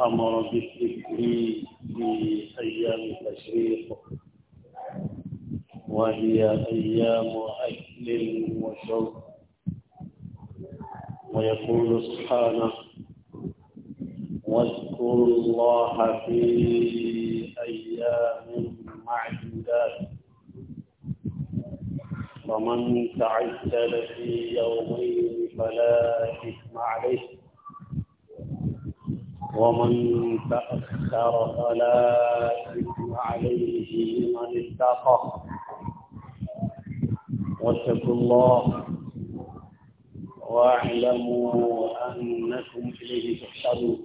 أمر بالذكر في أيام التشريق وهي أيام أكل وشرب ويقول سبحانه واذكروا الله في أيام معدودات فمن تعجل في يومين فلا إثم عليه ومن تأخر فلا إثم عليه من اتقى واتقوا الله واعلموا أنكم إليه تحشرون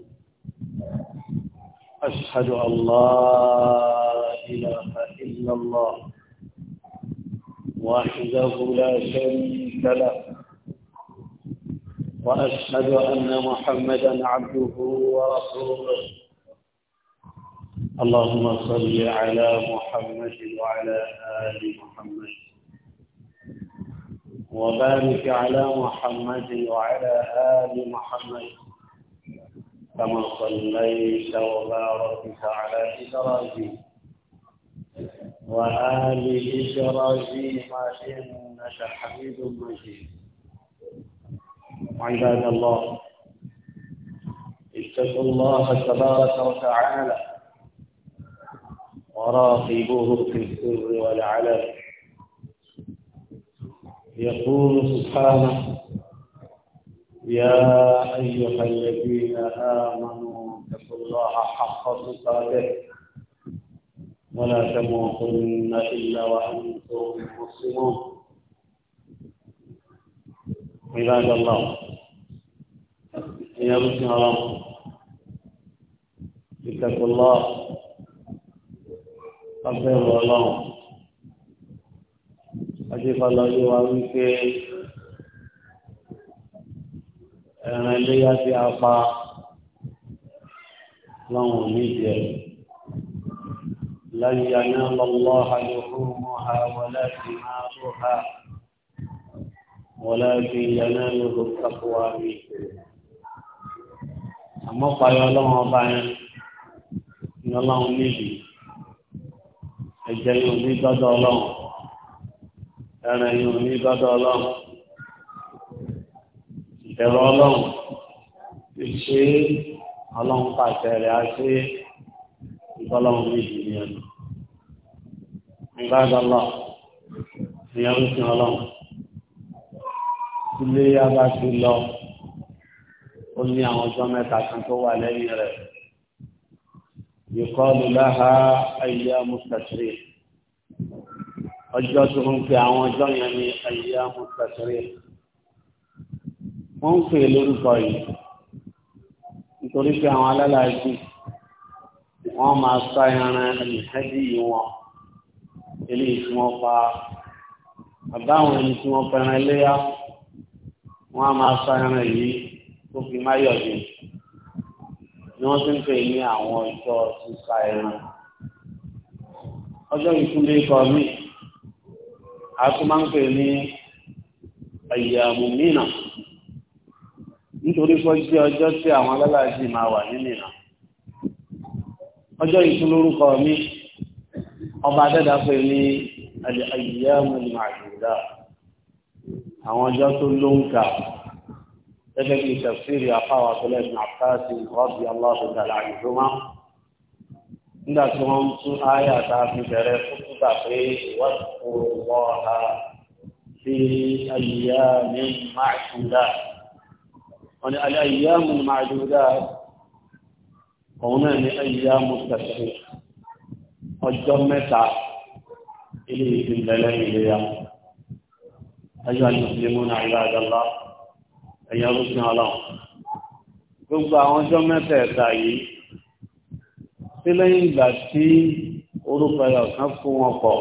أشهد أن لا إله إلا الله وحده لا شريك له وأشهد أن محمدا عبده ورسوله اللهم صل على محمد وعلى آل محمد وبارك على محمد وعلى آل محمد كما صليت وباركت على إبراهيم وآل إبراهيم إنك حميد مجيد عباد الله اتقوا الله تبارك وتعالى وراقبوه في السر والعلن يقول سبحانه يا أيها الذين آمنوا اتقوا الله حق تقاته ولا تموتن إلا وأنتم مسلمون عباد الله يا رسول الله اتقوا الله أبدوا الله أجيب الله يوارك أنا لي أتي أفا لهم ميديا لن ينال الله لحومها ولا دماؤها ولكن يناله التقوى منكم àmọ́ payọ́ ọlọ́run ọba yẹn ní ọlọ́run níbi ẹ̀jẹ̀ yóò ní dọ́dọ̀ ọlọ́run ẹran yóò ní dọ́dọ̀ ọlọ́run ìbẹ̀rù ọlọ́run ìṣe ọlọ́run pàṣẹ rẹ̀ á ṣe ìbọ́lọ́run níbi ní ẹnu ìbádọ́lọ́ ìyẹn ń sin ọlọ́run ilé yá bá ti lọ ó ní àwọn ọjọ́ mẹ́ta kan tó wà lẹ́yìn rẹ̀ yìkọ́lù láha ayé mùsàtìrì ọjọ́ tó ń pè àwọn ọjọ́ yẹn ní ayé mùsàtìrì wọ́n ń pè lórúkọ yìí nítorí pé àwọn alálàájì wọ́n máa sá ẹran ẹ̀lẹ́dì wọn eléyìí tí wọ́n pa àbáwọn ẹni tí wọ́n pẹran ẹlẹ́yà wọ́n á máa sọ ẹran yìí tó fi máyọ̀dé ni wọ́n ti ń pè ní àwọn ọjọ́ sísá ẹran. ọjọ́ ìkúlé ikọ̀ mi a tún máa ń pè ní ẹ̀yàmù mìíràn nítorí pé jẹ́ ọjọ́ tí àwọn alálàájì máa wà ní mìíràn. ọjọ́ ìkúlé orúkọ mi ọba adẹ́dàpẹ̀ ní ẹ̀yàmù màdùdà àwọn ọjọ́ tó ló ń kà gẹ́gẹ́ bí tafsiri afáwà tó lẹ́nu àkáàsì rọ́bì aláṣọ̀dàlà àdìgbòmá nígbà tí wọ́n ń tún áyà tá a fi bẹ̀rẹ̀ fúnfún gbà pé ìwádìí kò wọ́ ha sí ní máàdúdà wọ́n ní ayíyá mú máàdúdà òun náà ní ayíyá mú tẹ̀sírí ọjọ́ mẹ́ta ilé ìdílé lẹ́yìn ìléyà. أيها المسلمون عباد الله ẹ̀yìn ọlọ́sìn ọlọ́run gbogbo àwọn ọjọ́ mẹ́tẹ̀ẹ̀ta yìí sí lẹ́yìn ìgbà tí orúkọ ẹ̀ ọ̀kan kó wọn pọ̀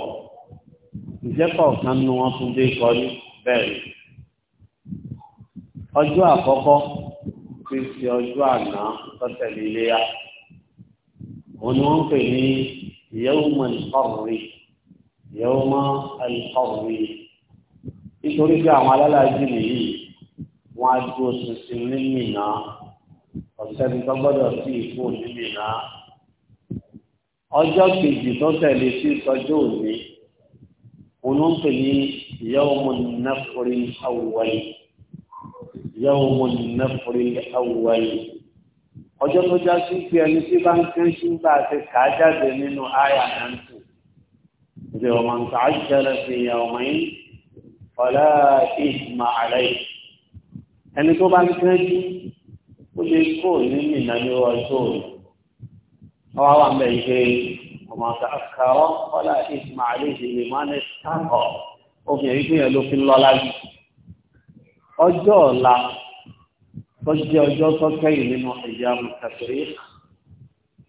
ìjẹ́pọ̀ ọ̀kan nu wọn tún dé kọrí bẹ́ẹ̀ ọjọ́ àkọ́kọ́ ti fi ọjọ́ àná tọ́tẹ̀lé iléyà òun ni wọ́n pè ní ìyẹ́wò mọ́ ìkọ̀rùn-ún ìyẹ́wò mọ́ ìkọ̀rùn-ún nítorí pé àwọn alálàájì nìyí wọn á dúró ṣinṣin ní mìíràn ọ̀sẹ́ni tó gbọ́dọ̀ sí ìfò ní mìíràn ọjọ́ kejì tó tẹ̀lé sí ìtọ́jú òní òun ń pè ní yawmun nafri awwal yawmun nafri awwal ọjọ́ tó já sí pé ẹni tí bá ń kí ń ṣúgbà àti kàá jáde nínú àyà náà ń tù ìdè ọmọ nǹkan àjẹrẹ fi ìyá ọmọ yìí ọ̀lá ìsìnmà àlàyé ẹni tó bá ń tẹ́jú ó lè kó ní mìíràn ní ọjọ́ òní ọwọ́ wà ń bẹ̀ yìí pé ọmọ àkàrọ̀ ọ̀lá ìsìnmà àlàyé ìlú máa ń sàkọ̀ obìnrin tó yẹn ló fi lọ lájú ọjọ́ ọ̀la tó jẹ́ ọjọ́ tó kẹ́yìn nínú ẹ̀yà mùsàkiri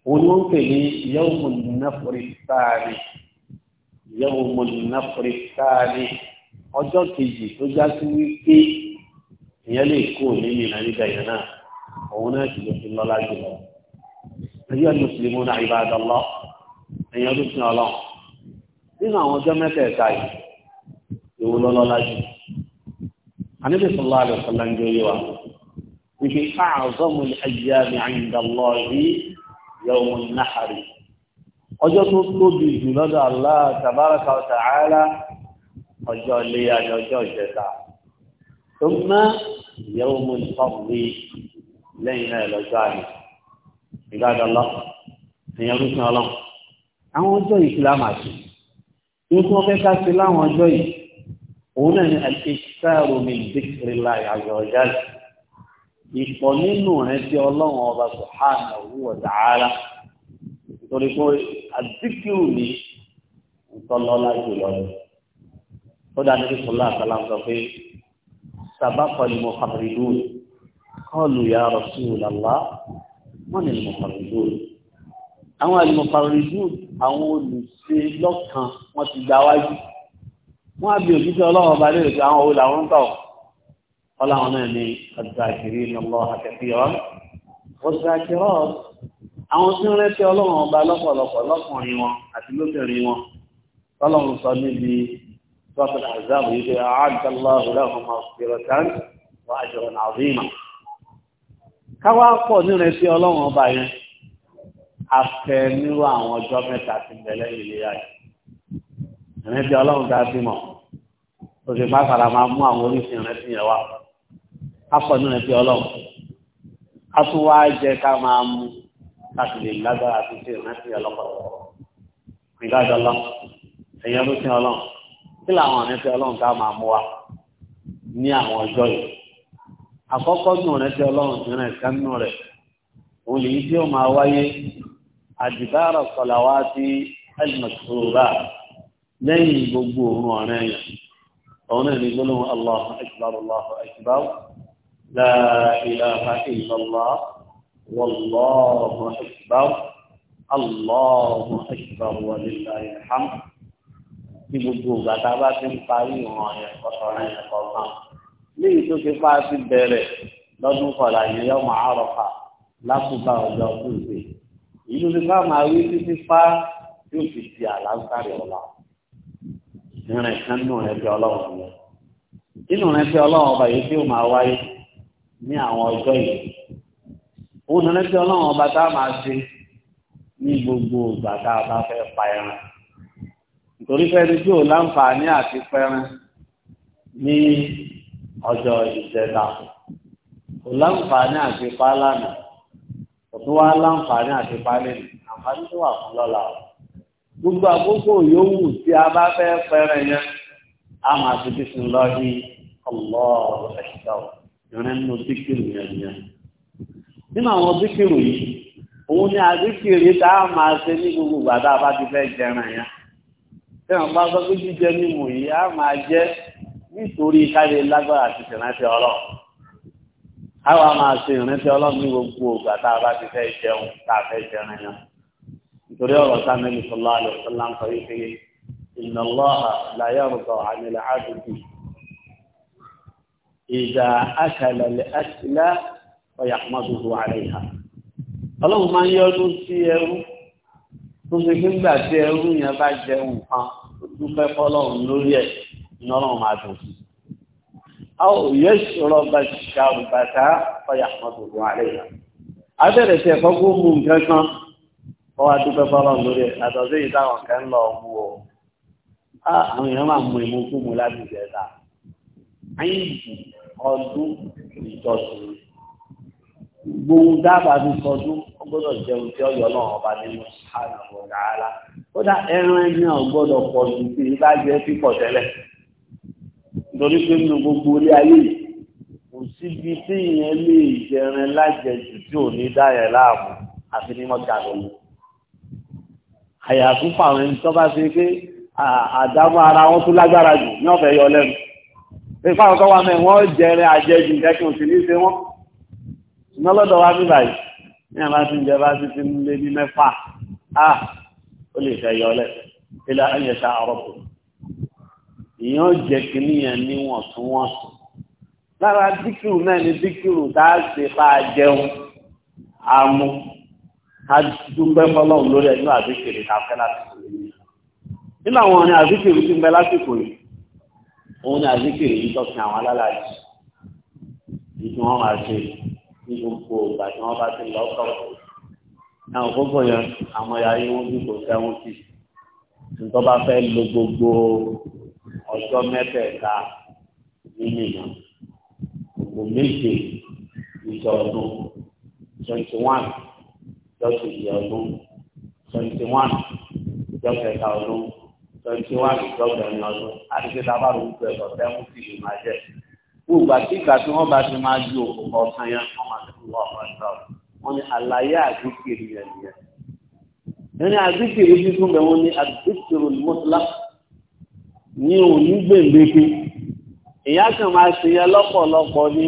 òun ló ń pè ní yawmun nafri sáà ni yawmun nafri sáà ni ọjọ́ kejì tó já sí wípé ìyẹn lè kó nínú ìnáníkà yẹn náà òun náà sì ló fi lọ́lá jùlọ. ayé mùsùlùmí náà ibadallah ẹ̀yàn tó sin ọlọ́run nínú àwọn ọjọ́ mẹ́tẹ̀ẹ̀ta yìí èwo lọ́lọ́lá jù. àníbi sọlá rẹ̀ sọlá ń jóyè wa wípé a'zamul ayyami 'inda Allahi yawmun nahri ọjọ́ tó tóbi jù lọ́dọ̀ Allah tabaraka wa ta'ala ọjọ́ iléyà ni ọjọ́ ìjẹta tó ń ná ìyẹ́wò mú ìfọ̀wé lẹ́yìn náà lọ́jọ́ àná ìgbàdọ̀lọ́ ìyẹn rúfin ọlọ́run àwọn ọjọ́ yìí kìlá máa ṣe tí ó tún wọ́n fẹ́ ká sí láwọn ọjọ́ yìí òun náà ni àtẹ̀sáàrò mi dìkìrì láì àjọ̀ọ̀já ìpọ̀ nínú rẹ̀ tí ọlọ́run ọba subhanahu wa ta'ala torí pé àdìkìrù ni ìtọ́lọ́lá jùlọ ni kódà níbi sọlá àtàlà ń sọ pé sàbákọ ni muhammadun kọlu ya rasulallah wọn ni muhammadun àwọn alimuhammadun àwọn olùṣe lọ́kàn wọn ti gba wájú wọn á bí òjíṣẹ́ ọlọ́run ọba lérò pé àwọn olè àwọn ń bọ̀ ọlọ́run náà ni àdàkìrí lọ́lọ́ àkẹ́kẹ́yọ́ ọ̀sàkẹ́rọ́ àwọn tí ń rẹ́tẹ́ ọlọ́run ọba lọ́pọ̀lọpọ̀ lọ́kùnrin wọn àti lóbìnrin wọn tọ́lọ́run sọ níbi صوت الأحزاب يقول أعد الله لهم مغفرة وأجرا عظيما káwá pọ̀ nínú ẹtí ọlọ́run ọba yẹn afẹ́ nírú àwọn ọjọ́ mẹ́ta ti bẹ̀lẹ́ ìlera yìí ìrántí ọlọ́run tá a ti mọ̀ o sì máa fara máa mú àwọn oríṣi ìrántí yẹn wá a nínú ẹtí ọlọ́run a tún wá jẹ ká máa mú láti lè lágbára àti ṣe ìrántí ọlọ́pàá ìgbàdọ́lọ́ ẹ̀yẹ́ ló sin ọlọ́run kí làwọn ọ̀rẹ́ tí ọlọ́run ká máa mú wa ní àwọn ọjọ́ yìí àkọ́kọ́ ní ọ̀rẹ́ tí ọlọ́run ti rìn kánú rẹ̀ òun lèyí tí ó máa wáyé àdìbára sọ̀làwá sí ẹ̀dùnmọ̀sọ̀rọ̀ lẹ́yìn gbogbo òun ọ̀rẹ́ yẹn òun náà ní gbólóhùn Allahu akbar Allahu akbar la ilaha illallah wallahu akbar Allahu akbar wa ní gbogbo ìgbà tá a bá ti ń parí ìwọ̀n yẹn ọ̀sọ̀rọ̀ yẹn kọ̀ọ̀kan léyìí tó ti pa ti bẹ̀rẹ̀ lọ́dún kọ̀ọ̀lá yẹn yọ máa rọ̀fà lákùbá ọjọ́ tuntun èyí tó ti bá máa rí títí pa yóò fi di àlàkárì ọ̀la ìrìn kan nù rẹ bí ọlọ́run yẹn inú rẹ bí ọlọ́run ọba yìí tí ó máa wáyé ní àwọn ọjọ́ yìí òun rẹ bí ọlọ́run ọba tá a máa ṣe ní gbogbo ìgbà tá a bá fẹ́ pa ẹran torí fẹ́ni tí ò láǹfààní àti pẹ́rẹ́ ní ọjọ́ ìjẹta ò láǹfààní àti pálánà kò tún wá láǹfààní àti pálẹ́nì àǹfààní tó wà fún lọ́la o gbogbo àkókò yòówù tí a bá fẹ́ pẹ́rẹ́ yẹn a máa ti fi sùn lọ ní ọlọ́ọ̀rọ̀ ẹ̀ṣẹ̀ ìrìn nínú bíkìrì yẹn yẹn nínú àwọn bíkìrì yìí òun ni àbíkìrì tá a máa ṣe ní gbogbo ìgbà a bá ti fẹ́ jẹran yẹn tẹ̀wọ̀n bá sọ pé jíjẹ mímu yìí á máa jẹ́ nítorí káyé lágbára àti ìrántí ọlọ́run á wà máa ṣe ìrántí ọlọ́run ní gbogbo ògbà tá a bá ti fẹ́ jẹun tá a fẹ́ jẹun yẹn nítorí ọ̀rọ̀ sáà sọlá àlọ́ sọlá ń sọ yìí pé ìnáwó láyé ọ̀rọ̀ àmìlẹ̀ àdùnkù ìdá akàlẹ̀ àtìlá ọ̀yà àmọ́dúnrún àlẹ́ ìhà ọlọ́run máa ń yọdún sí ẹrú tó ṣe pé nígbà tí ẹrú yẹn bá jẹun kan tó dúpẹ́ fọlọ́run lórí ẹ̀ iná náà máa dùn sí. a ò ṣòro ọba ṣìṣà òbàtà ọyà mọ́tò wọn àlẹ́ yẹn. abẹ́rẹ́ tí ẹ̀kọ́ kó mú nǹkan kan wọ́n wá dúpẹ́ fọlọ́run lórí ẹ̀ àtọ̀ sí ìtàwọn kan lọ mú o. àwọn èèyàn máa mú ìmú kú mu láti ìjẹta. àyìnbù ọdún ìjọsìn gbogbo dábàá fi sọdún ó gbọ́dọ̀ jẹun tí ọyọ náà ọba nínú sàánà ọgá ara kódà ẹran ẹni náà gbọ́dọ̀ pọ̀ ju tí ibà jẹ pípọ̀ tẹ́lẹ̀ nítorí pé nínú gbogbo ilé ayé yìí kò síbi tí ìyẹn lè jẹrin lájẹjù tí ò ní dá yẹn láàmú àfi ní mọta lòun àyàfi fáwọn ẹni tó bá fi pé àdámọ ara wọn tó lágbára jù ní ọ̀fẹ́ yọ lẹ́nu pé fáwọn tó wà mẹ wọn jẹrin àjẹjù kẹkẹ òsì ní í ṣe wọn ṣùgbọ́n lọ́dọ̀ wa bí báyìí ní àmà tí ń jẹba sí ti ń lé ní mẹ́fà á ó lè fẹ́ yọ ọlẹ́ ilẹ̀ ayẹ̀ṣà ọ̀rọ̀pù ìyẹn ó jẹ kínní yẹn níwọ̀ntúnwọ̀nsì lára díkìrù náà ni díkìrù tá a ṣe bá a jẹun amú a dúpẹ́ fọlọ́run lórí ẹnu àdíkìrì ká fẹ́ lásìkò yìí nínú àwọn ọ̀rìn àdíkìrì ti ń bẹ lásìkò yìí òun ni àdíkìrì yìí tọ́sí àwọn alálàájì ìdí máa ṣe yìí ní gbogbo ìgbà tí wọ́n bá ti lọ kọ́kọ́. Àwọn gbogbo yẹn àwọn ẹ̀yà yìí wọ́n bí kò sẹ́wọ́n sí. Nǹkan bá fẹ́ lo gbogbo ọjọ́ mẹ́tẹ̀ẹ̀ta nínú ìyàn. Gbogbo méje ìjọ ọdún twenty one lọ́sùn ìjọ ọdún twenty one lọ́kẹ̀ẹ́ta ọdún twenty one lọ́kẹ̀ẹ́rin ọdún. Àti pé tábàrò ń pẹ̀lú ọ̀sẹ̀ mú sí ìlú máa jẹ́ gbogbo àti ìgbà tí wọ́n bá ti máa ju òkú ọ̀sán yẹn wọ́n máa ti wọ́n ọ̀pá ìgbà wọn ni àlàyé àdúkìrì yẹn nìyẹn. ẹni àdúkìrì fífún bẹ́ẹ̀ wọ́n ni àdúkìrì mọ́tòlá ní òní gbèǹdéke ìyá kan máa ṣe yẹn lọ́pọ̀lọpọ̀ ní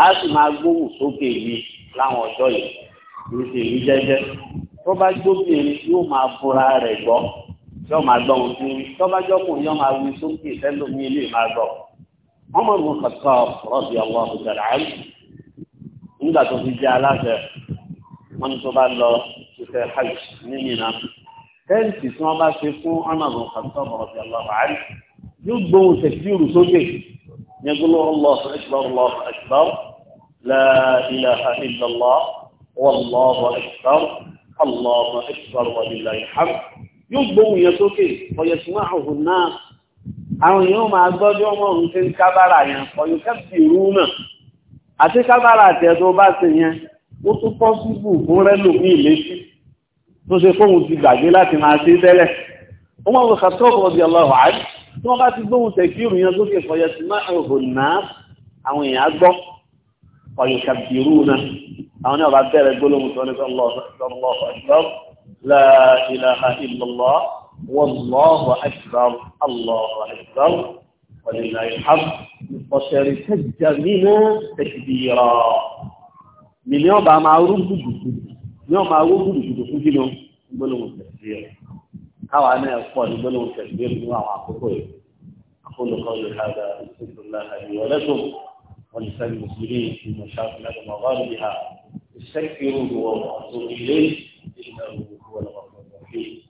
a sì máa gbóhùn sókè yìí láwọn ọjọ́ yìí kì í ṣe èyí jẹ́jẹ́ tó bá gbóbìnrin yóò máa bora rẹ̀ gbọ́ yóò máa gbọ́ ohun tí tó bá jọ́kùnrin yóò máa wí sókè tẹ́lómi ilé máa gbọ́. Umar bin Khattab radiyallahu ta'ala anhu nígbà tó fi jẹ́ aláṣẹ wọn tó bá lọ ṣiṣẹ́ hajj ní Mínà tẹ́ǹtì tí wọ́n bá ṣe fún Umar bin Khattab radiyallahu anhu yóò gbóhùn tẹ̀síìrù sókè يقول الله أكبر الله أكبر لا إله إلا الله والله أكبر الله أكبر ولله الحمد يقبل يسوكي ويسمعه الناس àwọn èèyàn máa gbọ́dọ̀ ọmọ òun tí ń kábàrà yẹn ọ̀yọ́ kẹ́bì rú náà àti kábàrà àti ẹ̀dọ́ bá ti yẹn ó tún pọ́síbù fún rẹ́lò ní ìlésí tó ṣe fóun ti gbàgbé láti máa ṣe tẹ́lẹ̀ ó mọ̀ wọ́n kàtọ́ọ̀kọ̀ ọ̀bí ọlọ́wà á tí wọ́n bá ti gbóhùn tẹ̀kírù yẹn lókè fọyẹ sí máa ẹ̀hò náà àwọn èèyàn gbọ́ ọ̀yọ̀ kẹ́bì rú náà àwọn náà bá والله أكبر الله أكبر ولله الحمد وترتج منه تكبيرا من يوم ما أرد يوم ما أرد بجدو بلو تكبير أو أنا أقول بلو تكبير من أقول أقول قول هذا الحمد لله لي ولكم ولسان المسلمين في مشاكل مغاربها استكبروا وابعثوا إليه إنه هو الغفور الرحيم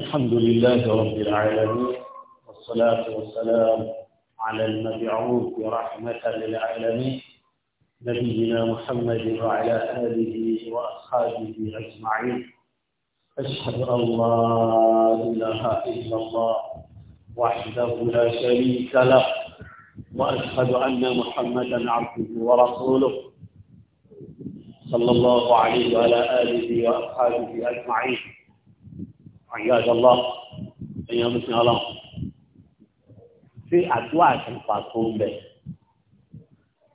الحمد لله رب العالمين والصلاة والسلام على المبعوث رحمة للعالمين نبينا محمد وعلى آله وأصحابه أجمعين أشهد أن لا إله إلا الله وحده لا شريك له وأشهد أن محمدا عبده ورسوله صلى الله عليه وعلى آله وأصحابه أجمعين àyíkájọ́lọ́ ẹ̀yìn ọdún sí ọlọ́run sí àdúrà kan pàtó ń bẹ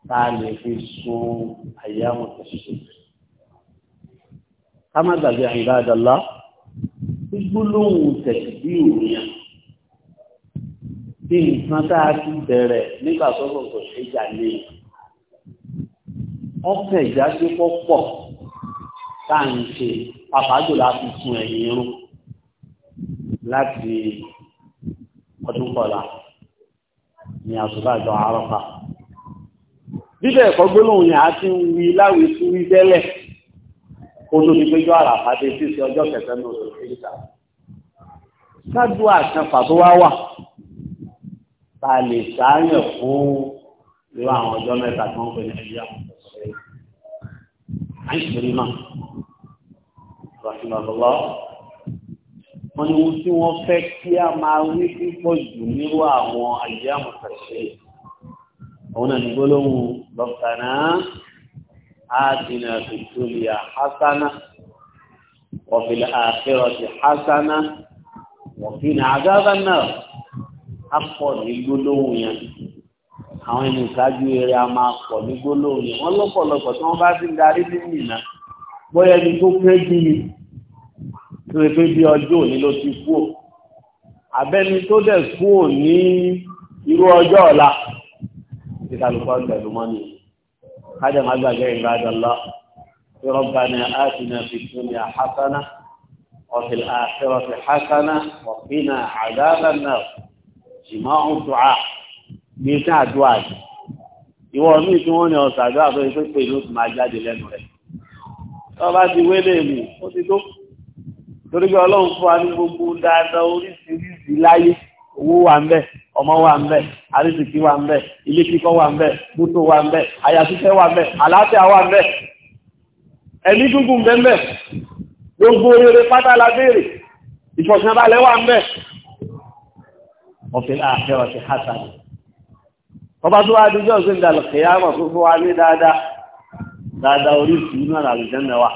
tá a lè fi sun àyàmù tẹ̀sí. ká má gbàgbé àyíkájọ́lọ́ gbígbólóhùn tẹ̀sí bí òòyàn bí nǹkan tá a ti bẹ̀rẹ̀ nígbà tó kọ̀ọ̀kan ṣe jà ní ọkàn ìjà pọ̀ tá à ń ṣe pàpàjò láti sun ẹ̀yìn irun láti ọdún kọlá ní àṣùbà ìjọ àárọ̀pá. Bíbẹ̀ ẹ̀kọ́ gbólóhùn yà á ti ń wí láwí sí wí tẹ́lẹ̀ kó tó ti péjọ àràfà dé sí sí ọjọ́ kẹfẹ́ ní oṣù Fílíta. Sájú àṣẹ pàtó wá wà, ta lè sáyẹ̀ fún irú àwọn ọjọ́ mẹ́ta tí wọ́n pè ní ẹ̀yà àìsírímà. Rahimahullah wọn ni ohun tí wọ́n fẹ́ kí a máa wí púpọ̀ jù nírú àwọn àyè àmọ̀tàṣe òun náà ní gbólóhùn lọ́kànnà àdínà tòtòlìyà hasana ọ̀fìlà àfẹ́rọ̀tì hasana ọ̀fìnà àgábà náà á pọ̀ ní gbólóhùn yẹn àwọn ẹni ìṣáájú eré a máa pọ̀ ní gbólóhùn yẹn wọ́n lọ́pọ̀lọpọ̀ tí wọ́n bá ti ń darí nínú ìná bóyá ẹni tó kéré jù ní tó ṣe pé bí ọjọ́ òní ló ti kú ò abẹ́ni tó dẹ̀ kú ò ní irú ọjọ́ ọ̀la tí kálukọ́ gbẹ̀lú mọ́ni kájà má gbàgbé ìbádọ́lá tí Rabbana atina fid dunya hasana wa fil akhirati hasana wa qina adhaban nar jima'u du'a bí i sáà dùn àjò ìwọ ní tí wọ́n ní ọ̀sà àdúrà tó ṣe pé ìlú ti máa jáde lẹ́nu rẹ̀ tọ́ bá ti wélé mi ó ti tó torí pé ọlọ́run fún wa ní gbogbo dáadáa oríṣiríṣi láyé owó wà ń bẹ ọmọ wà ń bẹ àríṣìkí wà ń bẹ ilé kíkọ́ wà ń bẹ mọ́tò wà ń bẹ àyàtúntẹ́ wà ń bẹ àlàáfíà wà ń bẹ ẹ̀mí gúngùn bẹ́ẹ̀ bẹ́ẹ̀ gbogbo rere pátá la béèrè ìfọ̀sánbalẹ̀ wà ń bẹ ọ̀fẹ́ àfẹ́ ọ̀sẹ̀ hasan ọba tó wá dújọ́ sí ìdàlùkẹ́yàmọ̀ fúnfún wa ní dáadáa dáadáa oríṣiríṣi náà làlùjẹ́ mẹ́wàá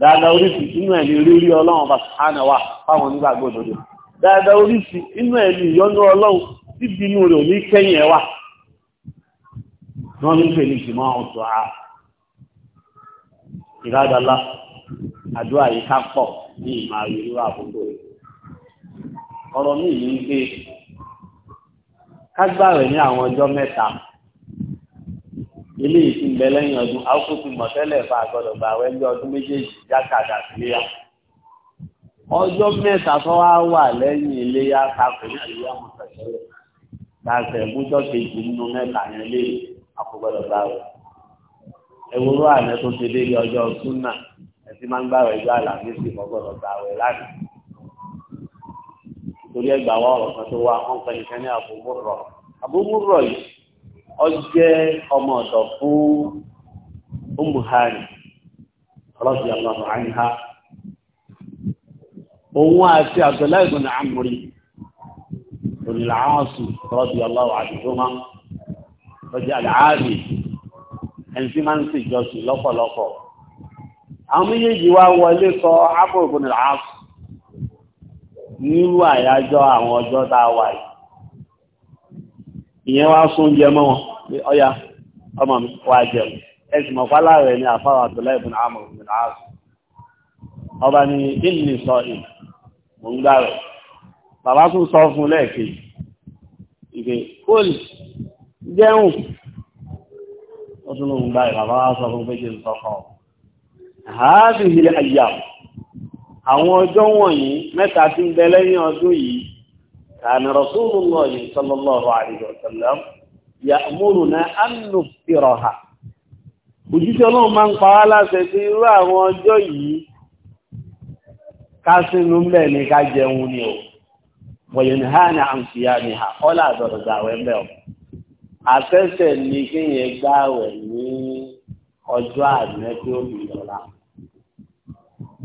dáadáa oríṣi inú ẹ̀mí rírí ọlọ́run ọba sàánà na fáwọn onígbàgbọ́ òdodo dáadáa oríṣi inú ẹ̀mí ìyọ́nú ọlọ́run síbi inú rẹ̀ ní kẹ́yìn ẹ̀ wà wọ́n ń pè ní ọ̀tọ̀ a ìrádàlá àdúrà yìí ká pọ̀ ní ìmọ̀ ìlú àbúgbò rẹ̀ ọ̀rọ̀ ilé yìí ti ń bẹ lẹ́yìn ọdún akókò mọ̀tẹ́lẹ̀ fà gbọ́dọ̀ gba àwọn ẹgbẹ́ ọdún méjèèjì jákàdá síléyà ọjọ́ mẹ́ta tó wá wà lẹ́yìn iléyà kakò ní àyíyá mọ̀tẹ́lẹ̀ gbàgbẹ́ gbúdọ̀ kejì nínú mẹ́ta yẹn lé àkọ́gbọ́dọ̀ gba rẹ̀ ewúrò àná tó ti dé ọjọ́ súnà ẹtí máa ń gbà rẹ̀ ju àlàmísì kọ́gbọ́dọ̀ gba rẹ̀ lánàá torí ẹgbàá wọ́ọ̀rọ̀ kan tó wá ọjẹ́ ọmọ ọ̀dọ̀ fún umuhari rọ́bì aláwọ̀ àyíká òun àti abdullahi ibn amri olùlàáṣù rọ́bì aláwọ̀ àdìgbòmá lọ́jọ́ àlàáàbì ẹni tí máa ń sì jọsìn lọ́pọ̀lọpọ̀ àwọn méjèèjì wá wọlé kọ ábò ibn al-aṣù àyájọ́ àwọn ọjọ́ tá a wà ìyẹn wá fún oúnjẹ mọ́ wọn pé ọya ọmọ mi wá jẹun ẹsùn mọ̀pálá rẹ̀ ni àfáwà àtọ́lá ìbùn àmọ̀ ìbùn àásù ọba ni ìlú sọ ìlú mò ń gbá rẹ̀ bàbá tún sọ fún lẹ́ẹ̀kejì ìgbé kóòlì jẹun ó tún lóun gbá rẹ̀ bàbá wá sọ fún péjì sọkọ àádìí ilé ayé àwọn ọjọ́ wọ̀nyí mẹ́ta tí ń bẹ lẹ́yìn ọdún yìí كان رسول الله صلى الله عليه وسلم يأمرنا أن نفطرها òjíṣẹ́ ọlọ́run máa ń pa wá láṣẹ sí irú àwọn ọjọ́ yìí ká sínú mẹ́ ní ká jẹun ní o wọ̀yìn ha ní àǹfíà ní ha ọlá àdọ̀dọ̀dọ̀ àwẹ̀ mẹ́ o àfẹ́sẹ̀ ní kí yẹn gbáwẹ̀ ní ọjọ́ àná tí ó fi lọ́la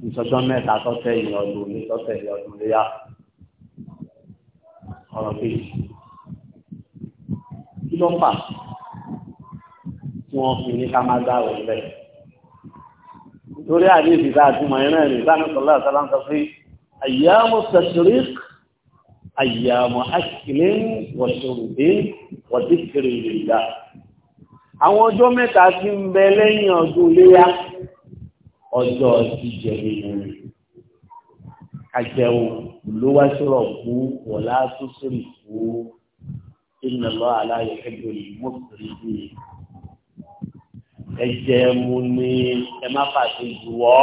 ìṣọjọ́ mẹ́ta tọ́tẹ̀ ìyọ̀lù ní tọ́tẹ̀ ìyọ̀lù léyà ọ̀rọ̀ kejì kí ló fà tí wọ́n fi ní ká má gbá rẹ̀ bẹ́ẹ̀ nítorí àdéhùn ìdá àtúmọ̀ iná ẹ̀rìn ìdáná sọ̀rọ̀ àtàlà ń sọ pé àyàmú tashriq àyàmú akílẹ̀ wọ̀ṣọ̀rùdín wọ̀díkìrì ìlà àwọn ọjọ́ mẹ́ta tí ń bẹ lẹ́yìn ọdún léyà ọjọ́ jíjẹ nínú rẹ̀ àjẹwò lówáṣọrọ kú wọlá tó sórí kú iná lọ aláyọ ẹgbẹ yìí mọ sórí kú ẹjẹ mu ni ẹ má pàṣẹ jù wọ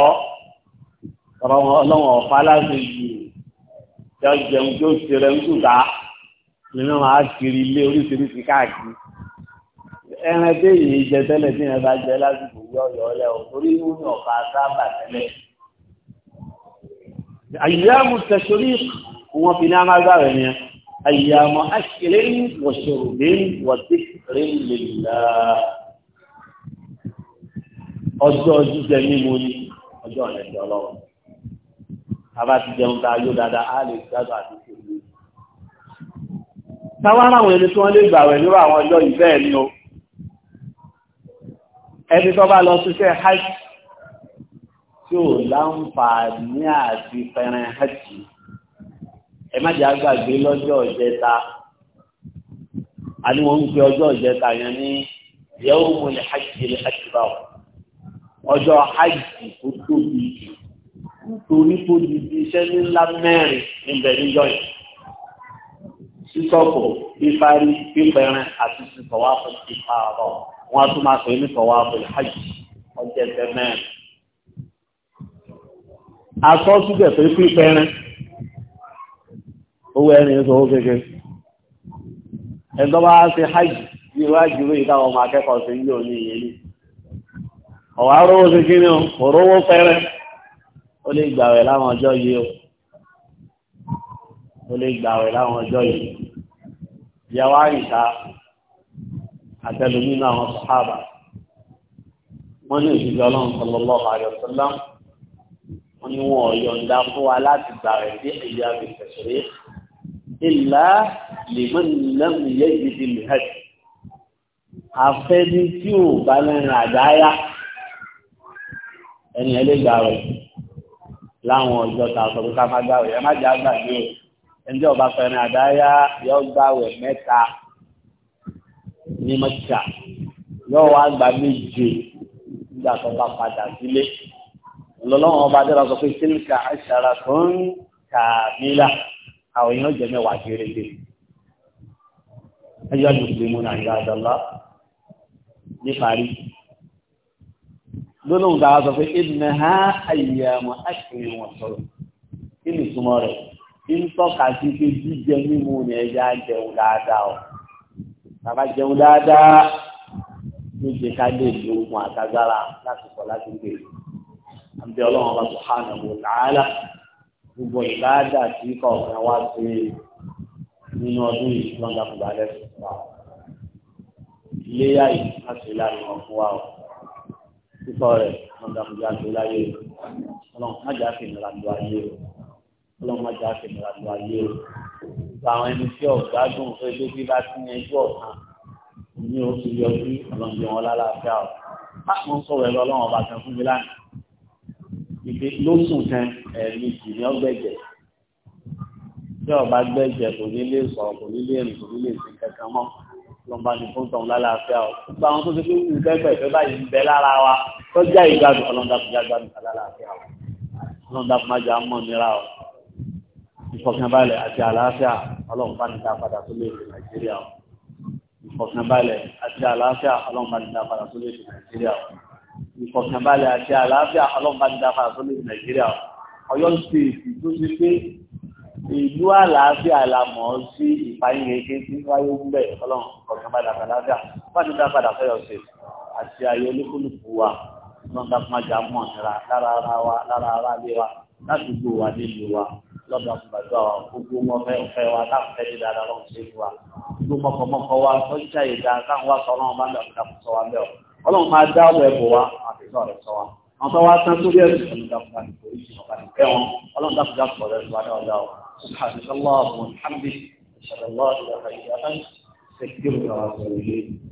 Ọlọ́run ọfà láti jù yọ jẹun tó ṣeré ń dùdà nínú àwọn akiri ilé oríṣiríṣi káàkiri ẹran bẹ́ẹ̀ yìí jẹ tẹ́lẹ̀ tí yẹn bá jẹ lásìkò yọ̀ọ̀yọ̀ lẹ́wọ̀ torí nínú ọ̀pá sábà tẹ́lẹ̀ àyàmù tẹ̀sọ̀rí wọn fi ní amágbá rẹ̀ ni àyàmù àṣìrẹ́ wọ̀ṣọ̀rọ̀dé wọ̀dẹ́kẹ̀rẹ́ lèlá ọjọ́ jíjẹ mímu ni ọjọ́ ẹ̀jẹ̀ ọlọ́run bàbá ti jẹun ta yóò dáadáa á lè gbádùn àti ṣèlú táwọn àwọn ẹni tí wọ́n lè gbàwẹ̀ nírú àwọn ọjọ́ ìbẹ́ẹ̀ ni o ẹni tó bá lọ ṣiṣẹ́ hajj tí ò láǹfààní àti fẹ́ràn hajj ẹ má jẹ́ àgbàgbé lọ́jọ́ ìjẹta a ní wọ́n ń pe ọjọ́ ìjẹta yẹn ní yawmul hajjil akbar ọjọ́ hajj tó tóbi nítorí tó di iṣẹ́ ńlá mẹ́rin níbẹ̀ níjọ́ yìí sísọ̀kò fífárí fífẹ́ràn àti sísọ̀wá fún ìfàrọ̀ wọ́n á tún máa pè ní sọ̀wá fún hajj ọjọ́ ìfẹ́ mẹ́rin asọ́ síbẹ̀ pé pípẹ́rẹ́ owó ẹni ń sọwọ́ kékeré ẹ̀dọ́ bá ṣe hajj ní iwájú lóyìn táwọn ọmọ akẹ́kọ̀ọ́ sí yíò ní ìyẹn ní ọ̀wá rówó sí kí ni o kò rówó pẹ́rẹ́ ó lè gbàwẹ̀ láwọn ọjọ́ yìí o ó lè gbàwẹ̀ láwọn ọjọ́ yìí ìyàwó àyíká àtẹlùmínú àwọn sàhábà wọ́n ní òṣìṣẹ́ ọlọ́run sallallahu alaihi wasallam wọn ni wọn ọ̀yọ̀ǹda fún wa láti gbà rẹ̀ dé ẹ̀yà rẹ̀ tẹ̀sẹ̀rẹ̀ ìlà lèmọ́n lẹ́mú yẹ́ ìdíje mìíràn afẹ́ni tí ò bá lẹ́rìn àdáyá ẹni ẹ lè gbà rẹ̀ láwọn ọjọ́ ta sọ pé ká má gbà rẹ̀ ẹ má jẹ́ àgbàdo ẹni tí ọba fẹ́ràn àdáyá yọ gbà rẹ̀ ní mọ́tíkà yọ wá gbà méje nígbà tó bá padà sílé lọ́lọ́wọ́n ọba dára sọ pé sílíkà àṣàrà tó ń kàmílà àwọn èèyàn jẹ́ mẹ́wàá gẹ́gẹ́ ẹjọ́ àdùnkùnmù náà ìlà àdàlá níparí lọ́lọ́wọ́n dára sọ pé ìdùnnà ha ayé àwọn àṣírí wọn sọ̀rọ̀ kí ni ìtumọ̀ rẹ̀ kí ń tọ́ka sí pé jíjẹ mímu ni ẹja jẹun dáadáa o bàbá jẹun dáadáa ló jẹ ká lè lo ohun àtagbára láti sọ láti gbèrè àbí ọlọ́run ọba subhanahu wa ta'ala gbogbo ìbáàdà tí kọ̀ọ̀kan wá sí nínú ọdún yìí lọ́n dàkúgbà lẹ́sìn wa iléyà yìí má ṣe lánàá ọ̀fun wa o sísọ rẹ̀ lọ́n dàkúgbà ṣe láyé o ọlọ́run má jà sí ìnira lu ayé o ọlọ́run má jà sí ìnira lu ayé o gba àwọn ẹni tí ọ̀gbádùn fẹ́ lójú bá ti yan ẹjọ́ ọ̀kan ní oṣù yọjú ọlọ́run jẹun ọlá láàbíà o. a mọ̀ sọ̀rọ̀ ẹ̀rọ ìgbé lóṣùn kan ẹ̀mí jì ní ọgbẹ̀jẹ̀ tí ọba gbẹ̀jẹ̀ kò ní lè sọ̀rọ̀ kò ní lè rìn kò ní lè sin kankan mọ́ lọ́nba ní fún tọ̀hún lálàáfíà o gbogbo àwọn tó ti fi wù kẹ́kẹ́ ìfẹ́ báyìí ń bẹ lára wa tó já ìgbádùn ọlọ́dà fún jágbá nípa lálàáfíà o ọlọ́dà fún májà mọ́ nira o ìfọ̀kànbalẹ̀ àti àlàáfíà ọlọ́run bá ní dá padà tó lè fi Nàìjíríà o ìfọ̀kànbalẹ̀ àti àlàáfíà ọlọ́run bá ní dá padà tó lè fi Nàìjíríà o ìfọ̀kànbalẹ̀ àti àlàáfíà ọlọ́mbàdìdáfà tó lè nàìjíríà ọ̀yọ́ stéètì tó ti pé ìlú àlàáfíà la mọ̀ ọ́ sí ìfàyìnrèké tí wáyé ń bẹ̀ ọlọ́run ìfọ̀kànbalẹ̀ àtàlàáfíà fáàdì dá padà fẹ́ ọ̀sẹ̀ àti ayé olúkúlùkù wa lọ́dà májà mọ̀ nira lára ara wa lára ara lé wa láti gbò wá nílùú wa lọ́dà gbàdúrà wa gbogbo wọn fẹ́ fẹ́ wa láfẹ́ ní dáadáa lọ́run sí wa gbogbo mọ̀kọ̀mọ̀kọ̀ wa tó ṣàyè dáa káwọn wa sọ ọlọ́run bá ń dàkúta sọ wa bẹ́ẹ̀ ọlọ́run máa dá ọ̀rọ̀ ẹ̀bùn wa àti ìṣọ́ rẹ̀ sọ wa àwọn tó wá tán sórí ẹ̀sùn ọ̀nà ìdàkùnrin àti oríṣi ọ̀gá ìfẹ́ wọn ọlọ́run dákùn dákùn ọ̀rẹ́ ìwà dáadáa wọn sùkàdùsọ́lọ́ ọ̀hún hàmdì ìṣẹ̀lẹ̀ lọ́ọ̀dù ọ̀gá ìyá